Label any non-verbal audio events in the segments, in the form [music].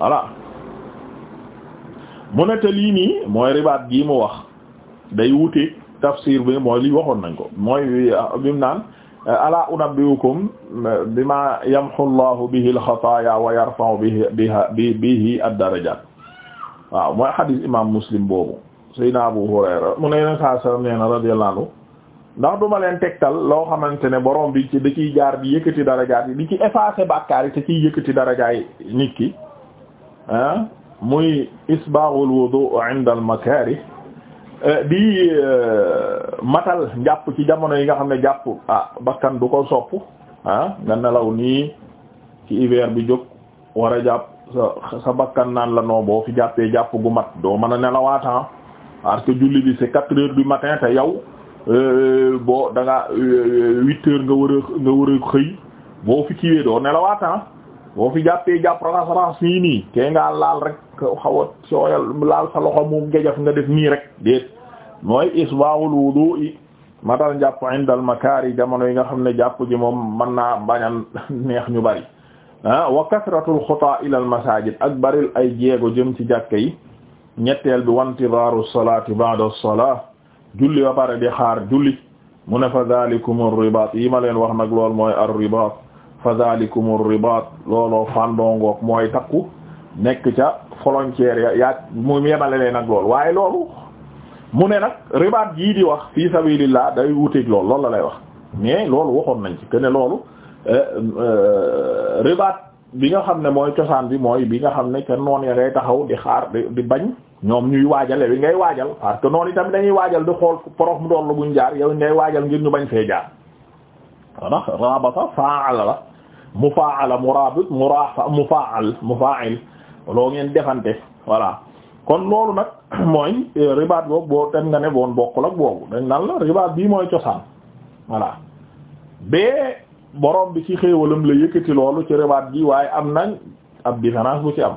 voilà mu ne te lii nii mooy ribaat gii mu wax day wute tafsir bi mooy lii waxoon nañ ko mooy ah, bi mu naan ala unabbiukum bima yamhu Allahu bihi al-xataaya wa yarfa'u bihi biha bihi ad-darajaat waaw mooy xadiis imaam Muslim boobu Seydina Abu Hurayra mu ne yeneen saa sallam nee na radiyallahu anhu ndax duma leen tegtal loo xamante ne boroom bi ci da ciy jaar di yëkkati darajaat yi di ci effacer bàkkaar yi te ciy yëkkati darajaay nit ki Ah, muy isbaaxul wudu inda al makaari eh, di eh, matal jàpp ci jamono yi nga xam ne jàpp ah bakkan du ko sopp ah nga nelaw nii ci hiver bi jóg war a jàpp sa bakkan naan la noo boo fi jàppee jàpp gu mat doo mën a nelawaatan ah. parce que julli bi c'est quatre heures du matin te yow euh, boo da nga euh, huit heures nga war xëy boo fi doo nelawaatan ah. boo fi jàppee jàpp raxas raxas fii nii tee ngaa laal rek xaw sooyal laal sa loxo mu ngejaf nga def nii rek déet mooy isbaahul wudu'i matal jàpp indal makaari jamono yi nga xam ne jàpp moom mën naa bañan neex ñu bari ah wa kasratul xutaa ilal masajid ak baril ay jéego jëm ci jàkka yi ñetteel bi wantidaaru salaati ba'da salaa julli ba pare di xaar julli mu ne fa dhalikumur ribaat yi ma leen wax nag lool mooy ar ribaat fa dhalikum ar-ribat looloo fandongook mooy takku nekk ca frontière ya yaa mu yemale leen ak lool waaye loolu mu ne nag ribaat jii di wax fi sabilillah day wuteeg lool loolu la lay wax mais loolu waxoon nañ ci que ne loolu euh, euh, ribaat bi nga xam ne mooy cosaan bi mooy bi nga xam ne ca noon ya ngay taxaw di xaar di bañ ñoom ñuy waajale bi ngay waajal parce que noonu itam dañuy waajal di xool porof mu doon la buñ jaar yow ngay waajal ngir ñu bañ fee jaar mufaala murabit murafa mufaal mufail loo ngeen defante voilà kon loolu nag [clears throat] mooy eh, ribaat boobu boo tem nga ne boon bokkul ak boobu dañ naan la ribaat bii mooy cosaan voilà bee borom bi ci xéewalam la yëkkati loolu ci ribaat bi waaye am nañ ab différence bu ci am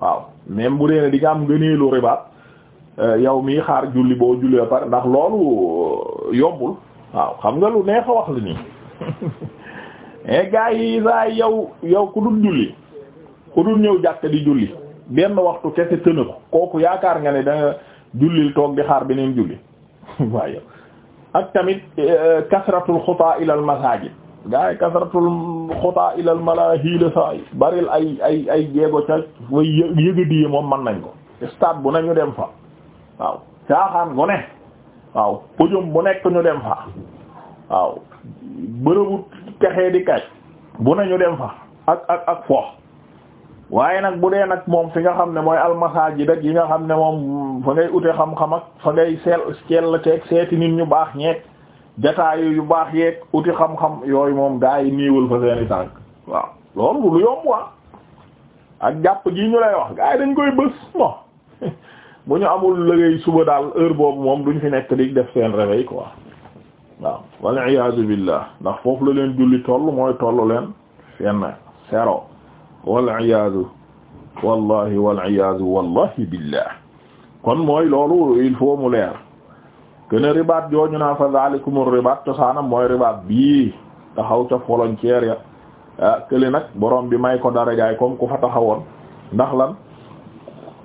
waaw même bu dee ne am nga am ngëneelu ribaat eh, yow mii xaar julli boo julli ba pare ndax loolu eh, yombul waaw xam nga lu neex a wax li nii [laughs] mais eh, gars yi saa yow yow ku dul julli ku dul ñëw jàkk di julli benn waxtu kese tëna ko kooku yaakaar nga ne da jullil toog di xaar beneen julli [laughs] ak tamit eh, kasratul xutaa ilal masaajid gars yi kasratul xutaa ilal malaahil saa baril ay ay ay jeego ca way yëgadiyee moom man nañ ko stade bu nañu dem fa waaw caaxaan gu ne waaw pëjum bu nekk ñu dem fa waaw bërëbu texee di kaaj bu nañu dem fa ak ak ak fo waaye nag bu dee nag moom fi nga xam ne mooy almasaajid ak yi nga xam ne moom fa ngay ute xam-xam ak fa ngay seel seel teeg seeti nit ñu baax ñeeg jataayu yu baax yeeg uti xam-xam yooyu moom gaa yi niiwul fa seeni tànk waaw loolu lu yomb waa ah. ak jàpp gi ñu lay wax gaa yi dañ koy bës mo [laughs] bu ñu amul liggéey suba daal heure boobu moom ñu fi nekk di def seen réveil quoi waaw wal iyaadu billah ndax foofu la leen julli toll mooy toll leen fenn sero wal iyaadu wallahi wal iyaadu wallahi billah kon mooy loolu il mu leer kene ribaat jooju naa fa zalikumur ribaat cosaanam mooy ribaat bii taxaw ca volontaire ya ah, nag borom bi may ko darajaay kom ku fa taxawoon ndax lan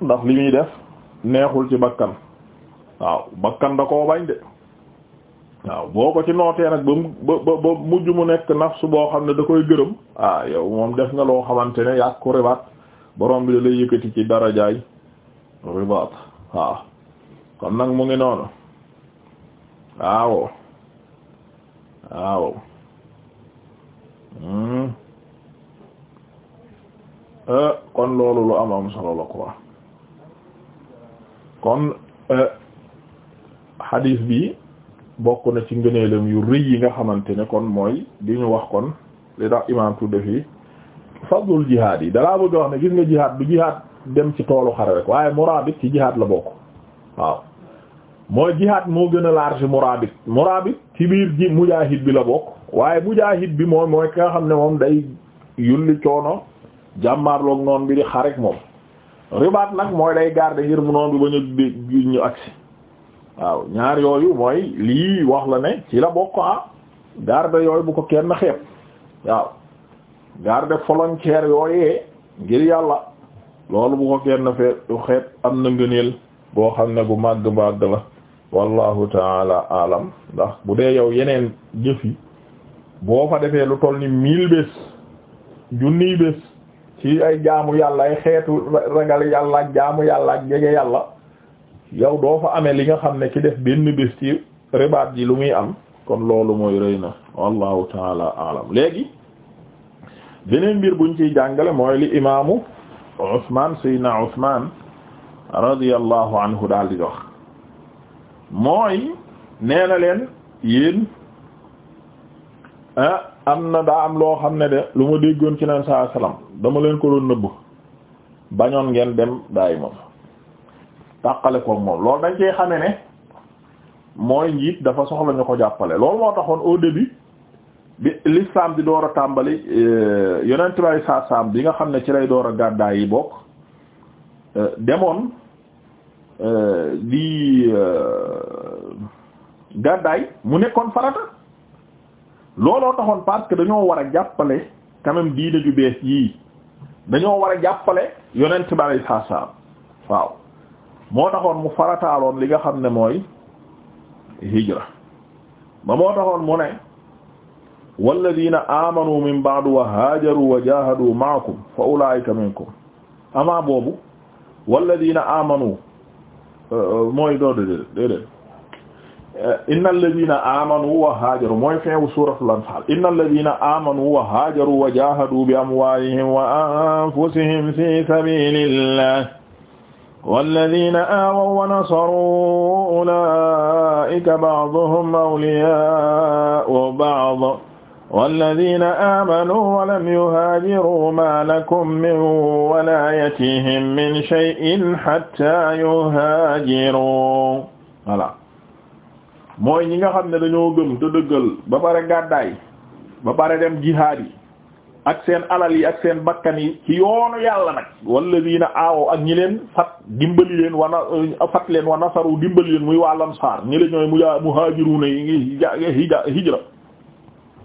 ndax li muy def neexul ci bakkan waaw bakkan da koo de waaw boo ko ci nootee nag ba mu ba ba mujj mu nekk nafsu boo xam ne da koy gërëm ah yow moom def nga loo xamante ne yàq ko ribaat borom bi da lay yëkkati ci darajaay ribaat waaw kon nag mu ngi noonu waaw waaw hmm. eh, kon loolu lu am am solo la quoi kon eh, hadith bi bokk na ci ngëneelam yu rëy yi nga xamante ne kon mooy di ñu wax kon li tax imaam tudde fii fadlul jihaad yi dalaa bëgg wax ne gis nga jihaad du jihaad dem ci toolu xare rek waaye muraabit ci jihaad la bokk waaw mooy jihaad moo gën a large muraabit muraabit ci biir ji mujaahid bi la bokk waaye mujaahid bi moom mooy ki nga xam ne moom day yulli coono jàmmaarloog noon bi di xarek moom ribaat nag mooy day garder ngir noonu bi ba ñu ñu agsi waaw ñaar yooyu mooy lii wax la ne ci la bokk ah garde yooyu bu ko kenn xeeb waaw garde volontaire yooyee ngir yàlla loolu bu ko kenn fee am na ngëneel boo xam ne bu màgg màgg la wallahu taala alam ndax bu dee yow yeneen jëf boo fa defee lu toll ni mille bés junniy bés ci ay jaamu yàlla ay xeetu ragal yàlla ak jaamu yàlla ak jege yàlla yow doo fa amee li nga xam ne ki def benn bés ci ribaat ji lu muy am kon loolu mooy rëy na wallahu taala alam léegi beneen mbir buñ ciy jàngale mooy li imaamu Usmaan sayyidina Usmaan radiyallahu anhu daal di wax mooy nee leen yéen ah, am na daa am loo xam ne de lu ma déggoon ci neen saa salaam dama leen ko doon nëbb bañoon ngeen dem daay moom tàqale ko moom loolu dañ cee xame ne mooy njiit dafa soxla ñu ko jàppale loolu moo taxoon au début bi l'islam di door a tàmbali euh, yonent bay saa bi nga xam ne ci lay door a gàddaay yi bokk euh, demoon euh, di gàddaay mu nekkoon farata looloo taxoon parce que dañoo war a jàppale quand diine ju bees yii dañoo war a jàppale yonent bi alay waaw moo taxoon mu farataaloon li nga xam ne mooy hijra ba moo taxoon mu ne walladina amanu min ba'du wa haajaru wa jahadu ma'akum fa ulaika minkum ama boobu walladina amanu euh, mooy doodedé déedéet inna alladina amanu wa haajaru mooy feewu suuratul anfaal inna alladina amanu wa haajaru wa jahadu bi amwalihim wa anfusihim fi sabilillah walladina aawaw wa nasaruu ulaa'ika ba'duhum awliyaa'u ba'd walladina aamanuu wa lam yuhaajiruu maa lakum min walaayatihim min shay'in hattaa yuhaajiruu voilà mooy ñi nga xam ne dañoo gëm te dëggal ba pare gàddaay ba pare dem jihaad yi ak seen alal yi ak seen bakkan yi ci yoonu yàlla nag walladiina aawo ak ñi leen fat dimbali leen wana euh, fat leen wa nasaru dimbali leen muy waa lamsaar ñi la ñooy muja muhaajiruuna yi hijra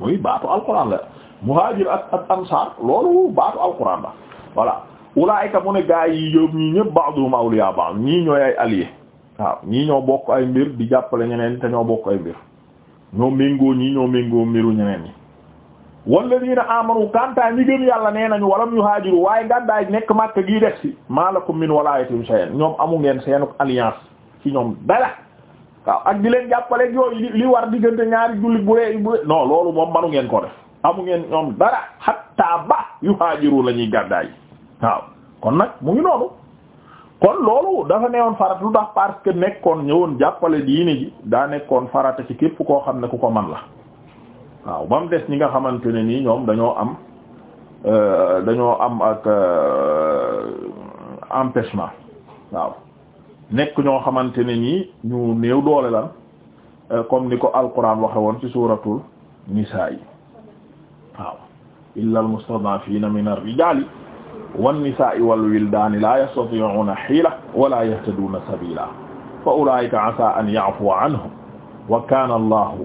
muy baatu alquran la muhaajir ak ak ansaar loolu baatu alquran la voilà ulaayika mu ne gaa yi yóob ñii ñëpp ba'duhum awliyaa ba'd ñii ñooy ay alliés waaw ñii ñoo bokk ay mbir di jàppale ñeneen te ñoo bokk ay mbir ñoo méngoo ñii ñoo méngoo mbiru ñeneen ñi walladina amanu kantaa ñi gën yàlla nee nañu walam yuhaajiru waaye ngàddaay nekk Makka gii def ci malakum min walaayatim shay'an ñoom amu ngeen seenuk alliance ci ñoom dara waaw ak di leen jàppaleeg yooyu li war diggante ñaari jullit bu ree bu loolu moom manu ngeen ko def amu ngeen ñoom dara hatta ba yuhaajiru la ñuy gàddaay waaw kon nag mu ngi noonu kon loolu dafa newoon farata lu tax parce que nekkoon ñëwoon jàppale diine ji daa farata ci képp koo xam ne ku ko man la waaw ba ñi nga xamante ne nii ñoom dañoo am euh, dañoo am ak euh, empêchement waaw nekk ñoo xamante ne nii néew doole lan euh, comme ni ko alquran waxe woon ci suuratul nisaa yi waaw illa al mustad'afina min ar-rijali wan nisaai wal wildaani la yastati'una hiila wala yahtaduna sabila fa ulaika asa an ya'fuwa anhum wa kana allahu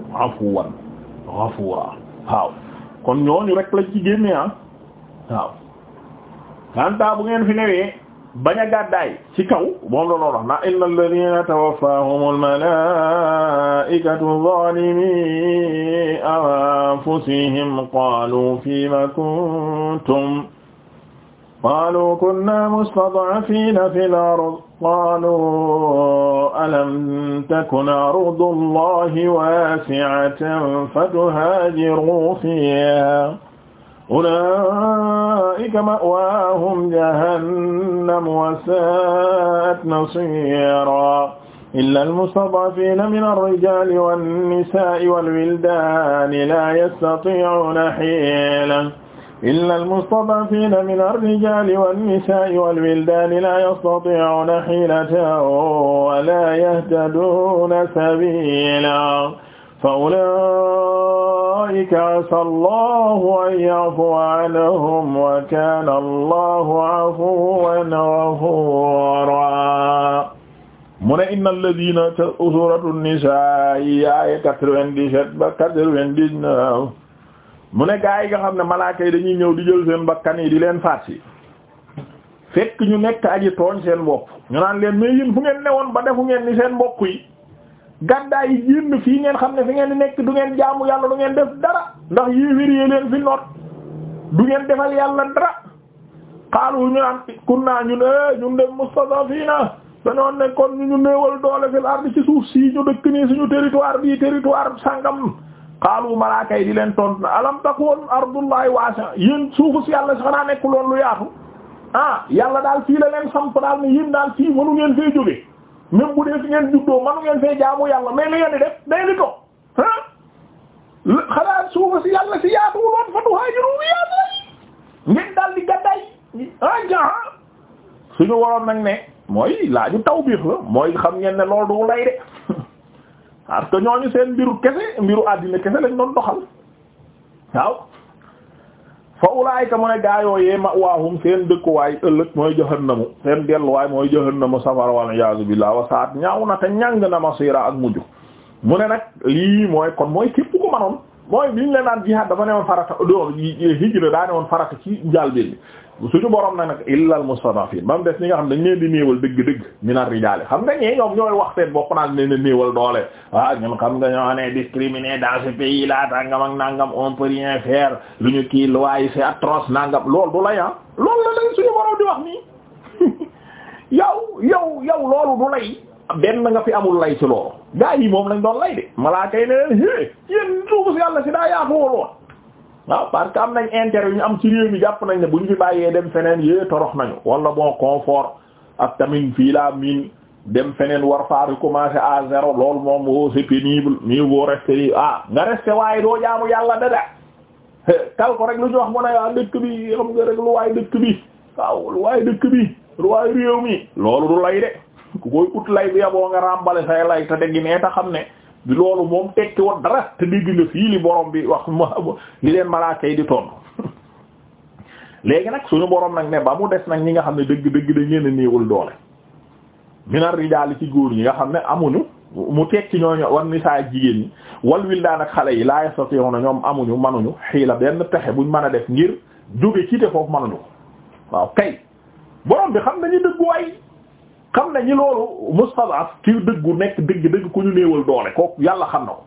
ghafuura waaw kon ñooñu rek lañ ci génne ah waaw kanta bu ngeen fi newee bañ a gàddaay ci kaw moom la loolu wax na inna alladhina tawaffahumul malaa'ikatu zalimi anfusihim qalu fima kuntum qaalu kunna mustad'afiina fil ard qaalu alam takun ardu llahi waasi'atan fatuhaajiru fiihaa ulaa'ika ma'waahum jahannam wa saa'at masiiraa illaa al-mustad'afiina mina ar-rijaali wan-nisaa'i wal-wildaani laa yastatii'uuna hiilan illa almustad'afiina min ar-rijaali wan-nisaa'i wal-wildaani laa yastatii'uuna hiilatan wa laa yahtaduuna sabiilaa fa ulaa'ika asaa Allahu an ya'fuwa anhum wa kaana Allahu 'afuwan ghafuuraa mu ne inna allaziina suuratu nisaa'i aaya 97 ba 99 mu ne gaa yi nga xam ne malaaka yi dañuy ñëw di jël seen bakkan yi di leen faat si fekk ñu nekk ak yi tooñ seen bopp ñu naan leen mais yin fu ngeen newoon ba defu ngeen ni seen mbokk yi gàddaa yi jénn fii ngeen xam ne fi ngeen nekk du ngeen jaamu yàlla du ngeen def dara ndax yéeféryee leen fi noot du ngeen defal yàlla dara xaalu ñu naan kun naa ñun eh, ñun dem mustadafina dañoon ne kon ñu néewal doole fil ardi ci suuf si ñu dëkk nii suñu territoire bii territoire sangam xaalu malaaka yi di leen tontu alam takun ardullahi waasa yéen suufu si yàlla si xanaa nekk loolu yaatu ah yàlla daal fii la leen samp daal ne yéen daal fii mënu ngeen fee jógee même bu dee fi ngeen juddoo mënu ngeen fee jaamu yàlla mais li ngeen di def day li toog ah xanaa suufu si yàlla si yaatu loon fa tuhaajiru bi yaatu la ngeen daal di gàddaay ah jaa waroon nag ne mooy taw tawbiix la mooy xam ngeen ne loolu du lay de. [laughs] parce que ñooñu seen mbiru kese mbiru àddina kese lañ doon doxal waaw fa ulaayika mu ne gaayoo yee ma waahum seen dëkkuwaay ëllëg mooy jahannamu seen delluwaay mooy jahannamu safara wal iyaazu billaah wa saat ñaaw na te ñàng na masira ak mujj mu ne nag lii mooy kon mooy képp ku manoon mooy bi ñu leen naan jihaad dafa ne woon farata do hijra daa ne farata ci njàlbéen bi suñu borom na nag illal mustadafiin ba mu des ñi nga xam dañ leen di néewal dëgg-dëgg minar rijaale xam nga ñee ñoom ñooy wax seen bopp naan leen néewal doole ah ñun xam nga ñoo ne discriminé dans ce pays là ak nangam on peut rien lu ñu kii loi yi c'est nangam lool du lay ah loolu la suñu borom di wax nii [laughs] yow yow yow loolu du lay benn nga fi amul lay ci loolu gaa yi moom lañ doon lay de malaaka yi ne si yàlla si daa yaatu woon parce que am nañ intérêt yu ñu am si réew mi jàpp nañ ne bu ñu fi bàyyee dem feneen yée torox nañu wala bon confort ak tamit fii laa miin dem feneen war a recommencer à zéro loolu moom woo oh, c'est pénible mieux vaut rester ah nga rester waaye doo jaamu yàlla dada kal ko rek lu ñu wax mu ne ah dëkk bi xam nga rek lu waay dëkk bi waaw lu waay dëkk mi loolu du lay de ku koy ut lay bi yaboo nga ràmbale say lay te deggi nee ta xam ne bi loolu moom tekki woon dara te dégg na fii li borom bi wax ma li leen malaaka yi di tontu léegi nag suñu boroom nag ne ba mu des nag ñi nga xam ne dëgg dëgg dañ leen a néewul doole minar rijaali ci góor ñi nga xam ne amuñu mu tekki ñooñu war ni saa jigéen ñi wal wildaan ak xale yi laa yastati'una ñoom amuñu manuñu xiila benn pexe buñ mën a def ngir jóge ci te foofu manuñu ko waaw kay xam nañu loolu mustadaf ki dëggu nekk dëgg dëgg ku ñu néewal doole kooku yàlla xam na ko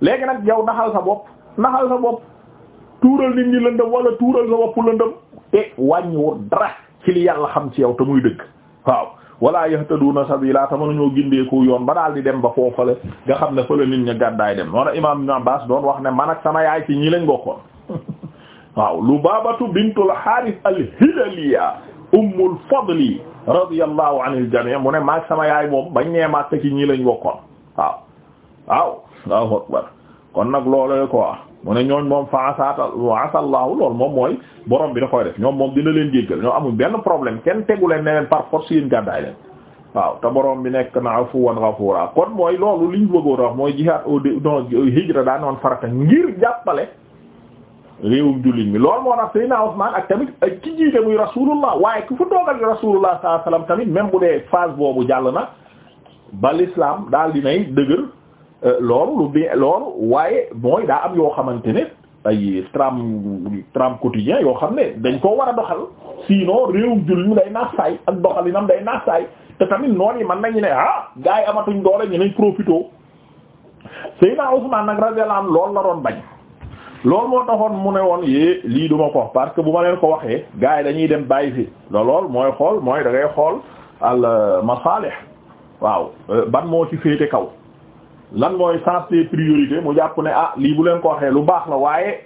léegi nag yaw naxal sa bopp naxal sa bopp tuural nit ñi lëndëm wala tuural sa bopp lëndëm te wàññiwul dara ci li yàlla xam ci yow te muy dëgg waaw wala yahtaduna sabila te mënuñoo gindeeku yoon ba daal di dem ba foofale nga xam ne fa la nit ñi gàddaay dem noonu imam Ibn Abbas doon wax ne man ak sama yaay ci ñi lañ bokkoon [laughs] waaw Lubabatu bintul Harith al-Hilaliya radiyallahu anil jami' mu ne maag sama yaay moom bañ nee maag te ci ñii lañ bokkoon waaw waaw Allahu akbar kon nag loolee quoi mu ne ñooñ moom fa asata asallaahu loolu moom mooy borom bi da koy def ñoom moom dina leen jéggal ñoom amul benn problème kenn tegu leen ne leen par force yéen gàddaay leen waaw te borom bi nekk na afuwan ghafuura kon mooy loolu liñ bëggoon a wax mooy jihaad au non hijra daa noon farata ngir jàppale réewum jullit mi loolu moo tax Seydina Ousmane ak tamit ki jiite muy rasulullah waaye ku fa toogal rasulullah sallallahu alayhi wasallam tamit même bu dee phase boobu jàll na ba l'islam daal dinay dëgër euh, loolu lu bi loolu waaye mooy daa am yoo xamante ne ay tram quotidien yoo xam ne dañ koo war a doxal sinon réewum jullit mi day naax ak doxalinam day naax saay te tamit noon yi man nañu ne ah gars yi amatuñ doole ñu nañ profité Seydina Ousmane nag radiyallahu am loolu la doon bañ lool moo taxoon mu ne woon yée lii duma ko parce que bu ma leen ko waxee gars yi dañuy dem bàyyi fi la lool mooy xool mooy dangay xool al euh, masalih waaw euh, ban moo ci féete kaw lan mooy sens des priorités mu jàpp ne ah lii bu leen ko waxee lu baax la waaye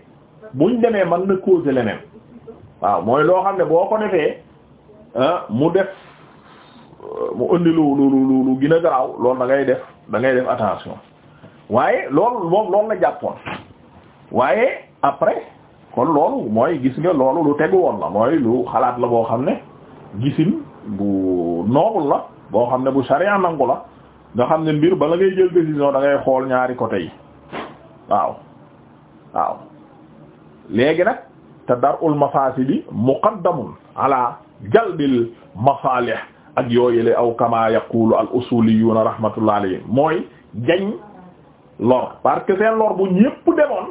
buñ demee man na causer leneen waaw mooy loo xam ne boo ko defee mu def euh, mu indi lu lu lu lu gën a garaaw lool da ngay def da ngay def attention waaye loolu moom loolu la jàppoon waaye après kon loolu mooy gis nga loolu lu teg woon la mooy lu xalaat la boo xam ne gisin bu noobul la boo xam ne bu sharia nangu la nga xam ne mbir bala ngay jël décision da xool ñaari côté yi waaw waaw léegi nag te darul mafasidi muqaddamun ala jalbil masalih ak yooyule aw kama yaqulu al usuliyuna rahmatullah alayhi mooy jañ lor parce que seen lor bu ñépp demoon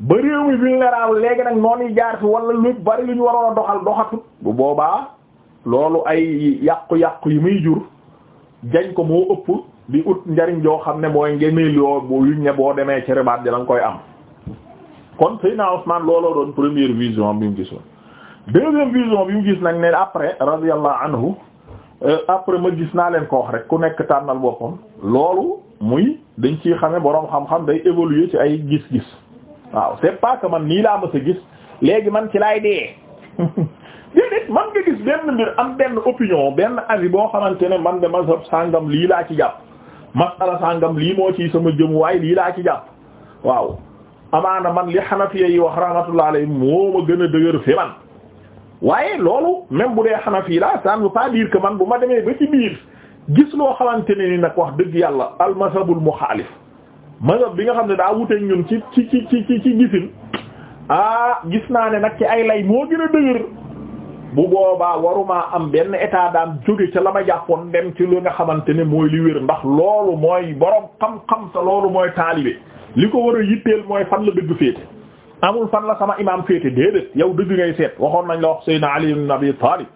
ba réew mi vulnérable léegi nag noonu jaar fi wala lu bari lu ñu waroon a doxal doxatut bu boobaa loolu ay yàqu-yàqu yi muy jur jañ ko moo ëpp di ut njariñ joo xam ne mooy ngeneel yoo bu yuñ ne boo demee ci ribaat di la nga koy am kon naa Ousmane looloo doon première vision bi mu gisoon deuxième bi mu gis nag ne après radiyallahu anhu euh, après ma gis naa leen ko wax rek ku nekk tànnal boppam loolu muy dañ ciy xame boroom xam-xam day évoluer ci ay gis-gis waaw c'est pas man nii laa mës a gis léegi man ci laay dee [laughs] déedéet man nga gis benn mbir am benn opinion benn avis boo xamante ne man de mazhab sàngam lii laa ci jàpp masala sàngam lii moo ci sama jëmuwaay lii laa ci jàpp waaw amaana man li xanafiya yi wax rahmatullah alayhim moo ma gën a dëgër fi man waaye loolu même bu dee xanafi la ça ne pas dire que man bu ma demee ba ci biir gis loo xamante ne ni nag wax dëgg yàlla al mazhabul muxaalif mazhab bi nga xam ne daa wuteeg ñun ci ci ci ci ci gisin ah gis naa ne nag ci ay lay moo gën a dëgër bu boobaa waruma am benn état daam jóge ca la ma jàppoon dem ci lu nga xamante ne mooy li wér ndax loolu mooy borom xam-xam sa loolu mooy taalibe li ko war a yitteel mooy fan la dëgg féete amul fan la sama imaam féete déedéet yow dëgg ngay seet waxoon nañ la wax Seydina Ali ibn Abi Talib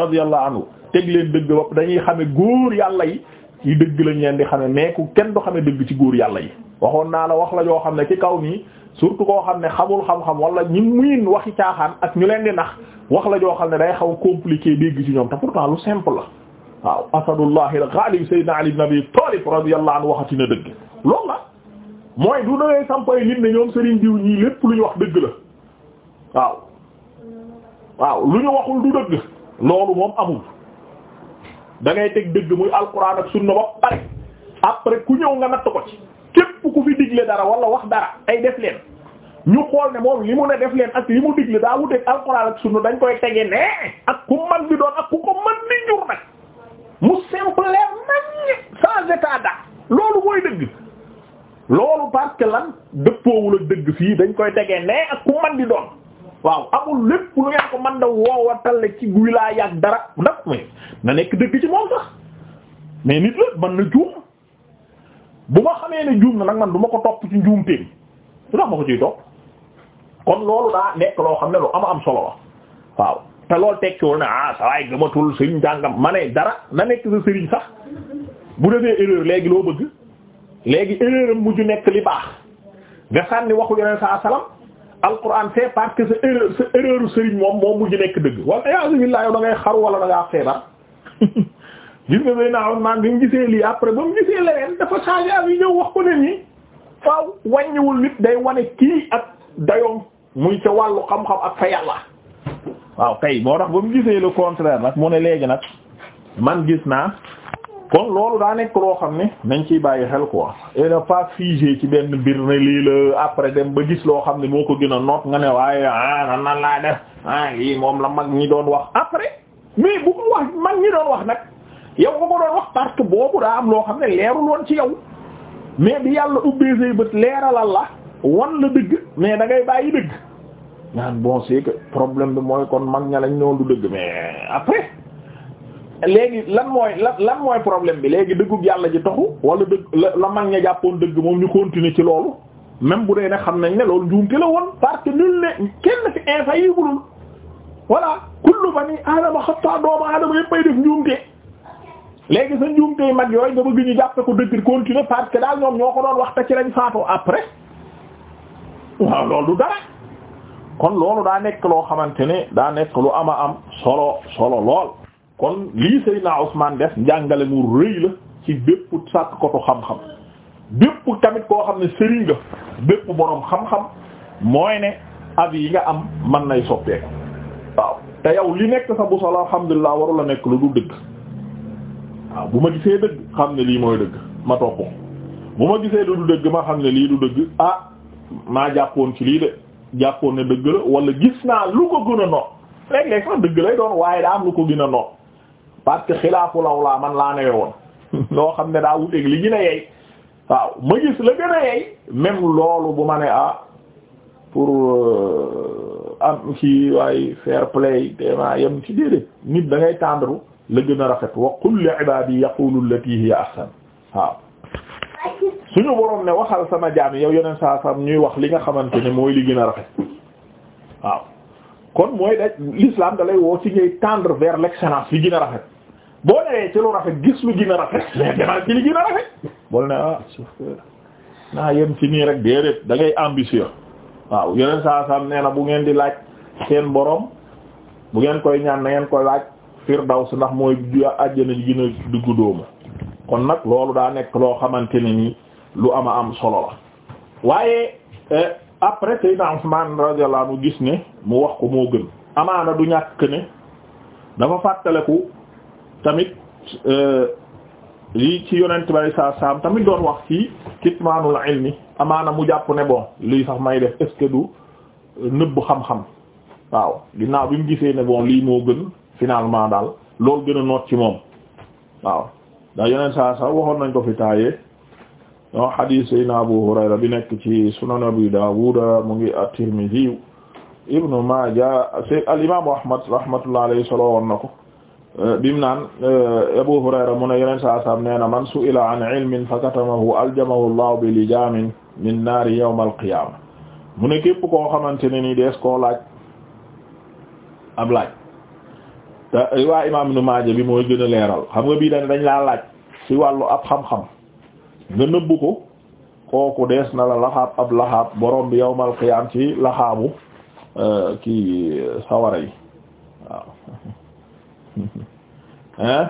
radiyallahu anhu teg leen dëgg bopp dañuy xame góor yàlla yi ci dëgg lañ leen di xame mais ku kenn du xame dëgg ci góor yàlla yi waxoon naa la wax la joo xam ne ci kaw nii surtout koo xam ne xamul xam-xam wala ñi muin waxi caaxaan ak ñu leen di nax wax la joo xam ne day xaw compliqué dégg ci ñoom te pourtant lu simple la waaw asadullah al ghalib sayyidina ali ibn abi talib radiyallahu anhu waxati na dëgg loolu la mooy du dangay sampay nit ne ñoom sëriñ diw ñii lépp lu wax dëgg la waaw lu ñu waxul du loolu moom amul da ngay teg dëgg muy alquran ak sunna ba pare après ku ñëw nga natt ko ci képp képp ku fi digle dara wala wax dara ay def leen ñu xool ne moom li mu ne def leen ak li mu digle daa wuteeg alxuraan ak sunna dañ koy tege ne ak ku man bi doon ak ku ko man bi ñur nag mu simple nañ sans état loolu mooy dëgg loolu parce que lan dëppoowul ak dëgg fii dañ koy tegee ne ak ku man di doon waaw amul lépp lu ngeen ko man da woowatal ci guy laa yàgg dara ndax mais na nekk dëgg ci moom sax mais nit la mën na juum bu ma xamee ne juum na nag man du ma ko topp ci njuumteem lu tax ma ko ciy topp kon loolu daa nekk loo xam ne lu am am solo la waaw te loolu tekkiwul na ah saa waay gëmatul sëriñ jàngam ma ne dara na nekk sa sëriñ sax bu defee erreur léegi loo bëgg léegi erreur am mujj nekk li baax nga sànni waxu yeneen saa salaam alquran c'est parce que sa erreur sa erreur sëriñ moom moo mujj nekk dëgg wala yaa billaah yow xaru wala da ngaa feebar. [laughs] gis nga say naa maan bi mu gisee lii après ba mu gisee leneen dafa changé ak ñëw wax ko ne nii faaw wàññiwul nit day wane kii ak dayoom muy ca wàllu xam-xam ak fa yàlla waaw kay moo tax ba mu gisee le contraire nag mu ne léegi nag man gis naa kon loolu daa nekk loo xam ne nañ ciy bàyyi xel ko et ne pas figé ci benn mbir ne lii la après dem ba gis loo xam ne moo ko gën a noot nga ne waaye ah nan nan laa def ah yii moom la mag ñi doon wax après mais bu wax nag yow nga ko doon wax parce que boobu daa am loo xam ne leerul woon ci yow mais bi yàlla ubbee say bët leeralal la wan la dëgg mais da ngay bàyyi dëgg naan bon c'est que problème bi mooy kon mag ña lañ ñoo du dëgg mais après léegi lan mooy lan lan mooy problème bi léegi dëggub yàlla ji taxu wala dëgg la mag ña jàppoon dëgg moom ñu continuer ci loolu même bu dee ne xam nañ ne loolu njuumte la woon parce que nul ne kenn ci infaillible voilà kullu bani aadama xataa doomu aadama yépp ay def léegi sa njuumte yi mag yooyu nga bëgg ñu jàppe ko dëgg continuer parce que daal ñoom ñoo ko doon waxta ci lañ faatoo après waaw loolu du dara kon loolu daa nekk loo xamante ne daa nekk lu ama am solo solo lool kon lii naa Ousmane def njàngale mu rëy la ci bépp sàkk ko tu xam-xam bépp tamit koo xam ne sëriñ nga bépp boroom xam-xam mooy ne abi yi nga am man nay soppeeku waaw te yow li nekk sa bu solo alhamdulilah waru la nekk lu du dëgg waaw bu ma gisee dëgg xam ne lii mooy dëgg ma topp bu ma gisee du dëgg ma xam ne lii du dëgg ah maa jàppoon ci lii de jàppoon ne dëgg la walla gis naa lu ko gën a no léeg-léeg sax dëgg lay doon waaye daa am lu ko gën a no parce que xilaafu law laa man laa newe woon [laughs] loo xam ne daa wuteeg li gën a waaw ma gis la gën a yey même loolu bu ma ne ah pour euh, am ci waaye fair play te ma yem ci déedéet nit da ngay tàndaru la gën a rafet wa qul li ibadi yaqulu allati hiya ahsan waaw suñu boroom sama jaam yow yeneen saa sam ñuy wax li nga xamante ne mooy li a rafet kon mooy daj woo ci ngay tendre vers l'excellence li gën a rafet boo newee ci rafet gis lu gën a rafet mais demal ci ah, ci nii rek da ngay ambitieux waaw yeneen saa nee na bu ngeen di laaj seen boroom bu ngeen koy ñaan na ngeen koy laaj firdaws ndax mooy àjjana ji gën a diggu dóomu kon nag loolu daa nekk loo xamante ne ni lu am a am solo la waaye eh, après Seydina Usmaan radiyallahu anhu gis ne mu wax ko moo gën amaana du ñàkk ne dafa fàttaleku tamit eh, lii ci yonent bari saa saam tamit doon wax ci kitmaanul ilmi amaana mu jàpp ne bon lii sax may def est nëbb xam-xam waaw ginnaaw bi gisee ne bon lii moo gën finalement daal loolu gën a noot ci moom waaw ndax yeneen saa nañ ko fi taayee non hadith sayna Abu Hurayra bi nekk ci sunan Abi Dawud mu ngi at-Tirmidhi ibnu Maaja sayyid al Ahmad rahmatullahi alayhi solo woon na ko bim naan Abu Hurayra mu ne yeneen saa sax nee na man su'ila an ilmin fakatamahu aljamahu Allahu bi lijamin min naari yawm al mu ne képp koo xamante ne ni dees ko laaj ab laaj te riwaa imaam Ibn Maaja bi mooy gën a leeral xam nga bii dañ dañ laa laaj ci wàllu ab xam-xam nga nëbbu ko kooku dees na la laxaab ab laxaab borom bi yawmal qiyaam ci laxaabu euh, kii sawara yi waaw [laughs] hein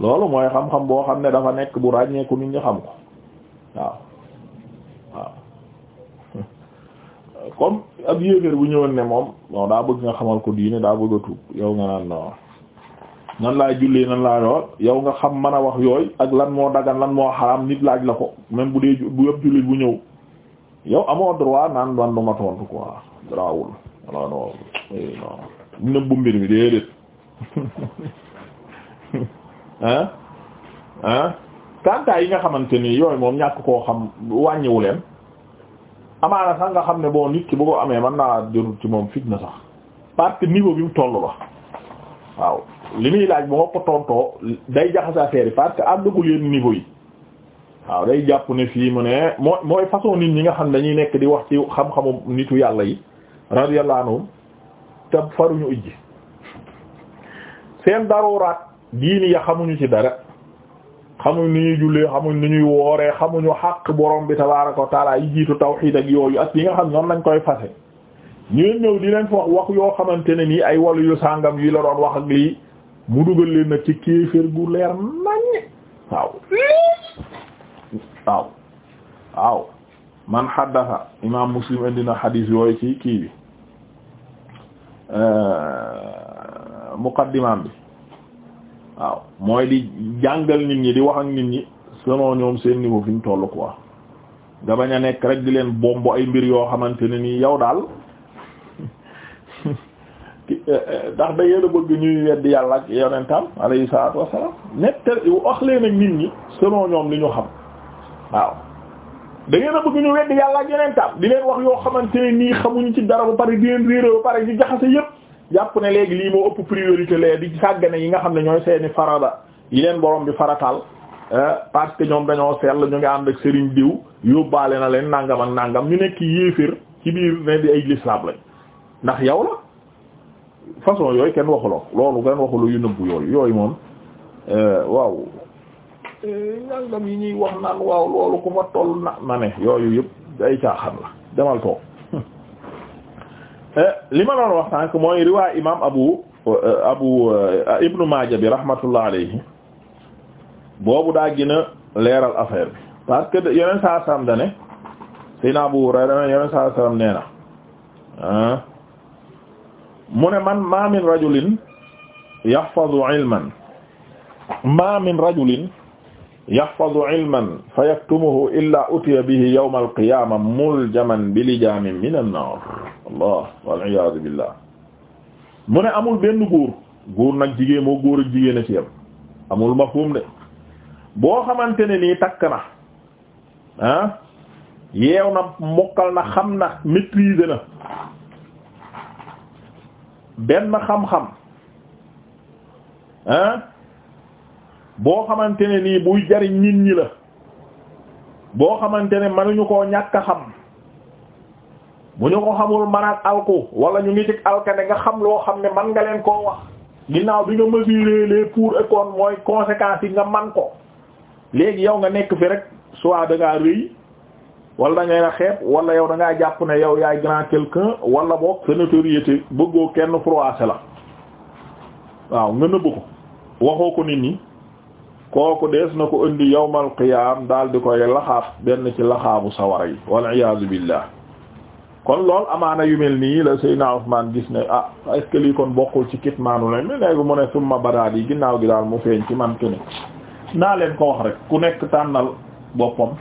loolu mooy xam-xam boo xam ne dafa nekk bu ràññeeku nit ñi xam ko yéeféer bu ñëwoon ne moom bon daa bëgg nga xamal ko diine daa bëgg a tuub yow nga naan non nan laay jullee nan laa yool yow nga xam mën a wax yooyu ak lan moo dagan lan moo xaraam nit laaj la ko même bu dee bu yëpp jullit bu ñëw yow amoo droit naan man du ma tontu quoi drawul voilà non non nëbbu mbir mi déedéet ah ah kanta yi nga xamante ni yooyu moom ñàkk koo xam wàññiwu leen amaana sax nga xam ne boo nit ki bu ko amee man naa jël ci moom fitna sax parce que niveau bi mu toll la waaw li muy laaj bu ma ko tontoo day jaxase affaire yi parce que àggagul yenn niveau yi waaw day jàpp ne fii mu ne mooy mooy façon nit ñi nga xam ne dañuy nekk di wax ci xam-xamu nitu yàlla yi radiyallahu anhum te faruñu ijji seen daruraat diini ya xamuñu ci dara xamuñ ni ñuy jullee xamuñ ni ñuy wooree xamuñu xaq borom bi tabaaraka wa taala jiitu tawxiid ak yooyu ak yi nga xam noonu lañ koy fase ñuy ñëw di leen wax yoo xamante ne nii ay walu yu sàngam yi la doon wax ak lii mu dugal leen nag ci kéefër gu leer naññ waaw waaw waaw man xaddasa imaam muslim indi xadiis yooyu ci kii bi muqaddimaam bi waaw mooy di jàngal nit ñi di wax ak nit ñi selon ñoom seen niveau fi ñu toll quoi nga bañ a nekk rek di leen bomb ay mbir yoo xamante ne nii yow daal [laughs] eh, eh, ndax da a bëgg ñuy weddi yàlla ak yonentam alayhi salaatu wassalaam wax leen ak ñi selon ñoom li ñu xam a bëgg ñu weddi yàlla ak yonentam di leen wax yoo xamante ne nii xamuñu ci dara ba pare di leen réeré ba pare di jaxase yépp jàpp ne léegi lii moo ëpp priorité lee di sàggane yi nga xam ne ñooy seeni farada yi leen borom bi farataal eh, parce ñoom dañoo sell ñu ngi ànd ak sëriñ diw yóbbaale na leen nangam ak nangam ñu nekk yéefér ci biir ne di ay lislaam lañ ndax yow la façon yooyu kenn waxuloo loolu kenn waxuloo yu nëbbu yooyu yooyu moom eh, waaw eh, nangam yi ñuy wax naan waaw loolu ku ma toll na na ne yooyu yëpp ay caaxaan la demal toog Eh, li ma doon wax sànq mooy riwaay imaam abu eh, abu eh, ibnu maaja bi rahmatullah alayhi boobu daa gën leeral affaire bi parce que yeneen saa saam da ne abu hurayra yeneen saa saam nee na ah, mu ne man ma min rajulin yahfazu ilman ma min rajulin yahfazu ilman fa yaktumuhu illa utiya bihi yawma alqiyama muljaman bi lijamin min annar allah wal iyaadu billah mu ne amul benn góor góor nag jigéen moo góor ak jigéen a ci yam amul mafhum de boo xamante ne nii takk na ah yeew na mokkal na xam na maîtriser na benn xam-xam ah boo xamante ne nii buy jariñ nit ñi la boo xamante ne mënuñu koo ñàkk a xam bu ñu ko xamul manaat alku wala ñu ngi ci alkane nga xam loo xam ne man nga leen koo wax ginnaaw bi nga mesurer les pour et mooy conséquences yi nga man ko léegi yow nga nekk fi rek soit da ngaa rëy wala da na xeeb wala yow da ngaa jàpp ne yow yaay grand quelqu'un wala boog sa bëggoo kenn froissé la waaw nga nëbb ko waxoo ko nit ñi kooku dees na ko indi yawmal qiyaam daal di koy laxaaf benn ci laxaabu sawara yi wal iyaazu billah kon lool amaana yu mel nii la Seydina Usmaan gis ne ah est-ce kon bokkul ci kitmaanu lañ mu ne summa badaat yi ginnaaw gi daal mu feeñ ci man kene naa leen ko wax rek ku nekk tànnal boppam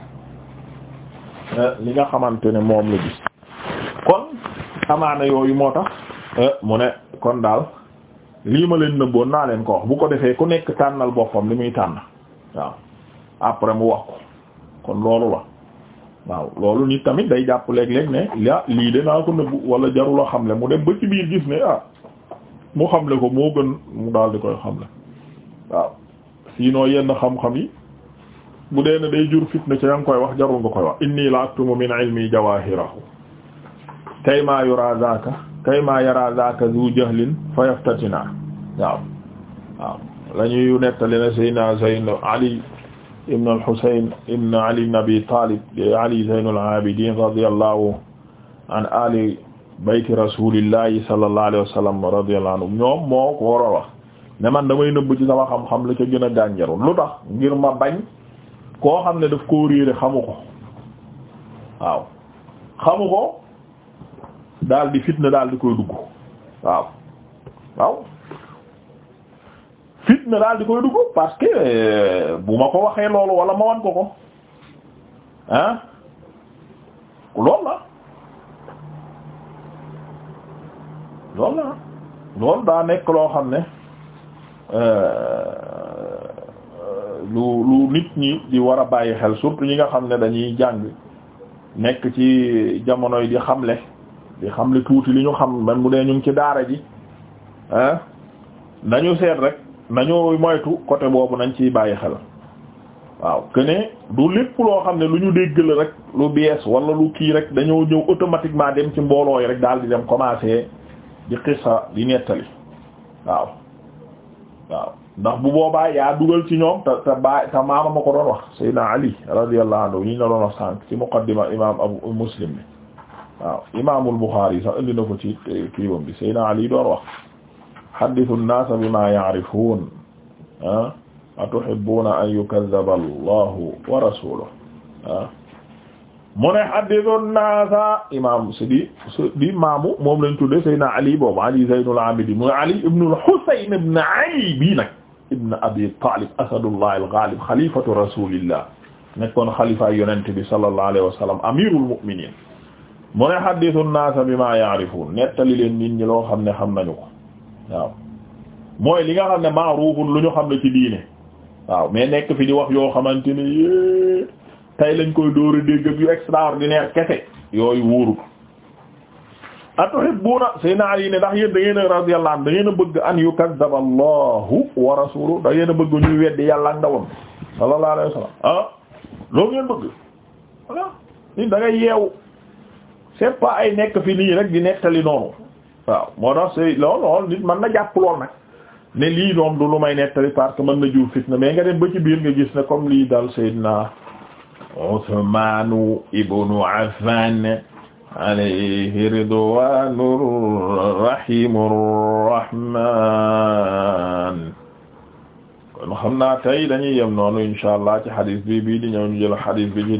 eh, li nga xamante ne moom la gis kon amaana yooyu moo tax eh, mu ne kon daal lii ma leen nëbboon naa leen ko wax bu ko defee ku nekk tànnal boppam li muy tànn waaw après mu wax ko kon loolu la waaw loolu nit tamit day jàpp léeg-léeg ne lii de naa ko nëbbu wala jarula xamle mu dem ba ci biir gis ne ah mu xamle ko moo gën mu daal di koy xamle waaw sinon yenn xam-xam yi mu dee ne day jur fitna ca yaa koy wax jarul nga koy wax inni la aktumu min ilmi jawahirahu kay ma kay ma yara zaka zu jahlin fa yaftatina waaw waaw la ñuy nettali na sayna zayn ali ibn al-husayn ali ibn abi talib ali zaynul ali bayti rasulillahi sallallahu alayhi wa sallam radiyallahu anhu moo ko war ne man damay nëbb ci sama xam-xam la ca gën a gànjaru lu tax ngir ma bañ koo xam ne daf koo réere xamu ko waaw xamu daal di fitna daal di koy dugg waaw waaw fitna daal di koy dugg parce que euh, bu ma ko waxee loolu wala ma wan ko ko ah loolu la loolu daa nekk loo xam ne euh, lu lu nit ñi di war a bàyyi xel surtout ñi nga xam ne dañuy jàng nekk ci jamono yi di xamle di xam li tuuti li ñu xam man mu dee ñu ci daara ji ah nañu seet rek nañu moytu côté boobu nañ ciy bàyyi xel waaw que ne du lépp loo xam ne lu ñu dégg la rek lu bees wala lu kii rek dañoo ñëw automatiquement dem ci mbooloo yi rek daal di dem commencer di xisa di nettali waaw waaw ndax bu boobaa yaa dugal ci ñoom te te baay te maama ma ko doon wax Seydina Ali radiyallahu anhu ñu la doon wax sànq ci muqaddima imam Abu Muslim bi waaw imaamul Buxaari sax indi na ko ci kiiwam bi Seydina Ali door wax haddisu nnaasa bimaa ya'rifuun ah atuhibbuuna an yukazzaba Allahu wa rasuluhu ah mu ne haddisu nnaasa imaam si di di maamu moom lañ tuddee Seydina Ali boobu Ali Zaynul Aabidiin mu Ali ibnul Husayn ibn Ali bii nag ibn Abi Taalib asadullahi al-ghaalib xalifatu rasulillah nekkoon xalifa yonent bi sallallahu alayhi wa sallam amiirul mu'miniin mu ne xaddisu naasa bi maa yaarifuun nettali leen nit ñi loo xam ne xam nañu ko waaw mooy li nga xam ne maaruufun lu ñu xam ne ci diine waaw mais nekk fi di wax yoo xamante ne yée tey lañ koy dóor a dégg yu extraordinaire kese yooyu wóorul atuhibbuuna sayna Ali ne ndax yéen da ngeen a radiyallahu anhu da ngeen a bëgg an yukazzaba Allahu wa rasuluhu da ngeen bëgg ñuy weddi yàlla ak ndawam sallallahu alayhi wa ah, ngeen bëgg voilà da yeewu c'est pas ay nekk fi nii rek di nettali noonu waaw moo tax c'est loolu loolu nit mën na jàpp ne lii doom du lu may nettali parce que mën na jur na mais nga dem ba ci biir nga gis ne kom lii dal Seydina Usmaanu ibnu Affaan alayhi ridwaanur rahiimur rahmaan kon xam naa tey dañuy yem noonu insha allah ci xadis bi bii di ñëw ñu jël xadis bi ci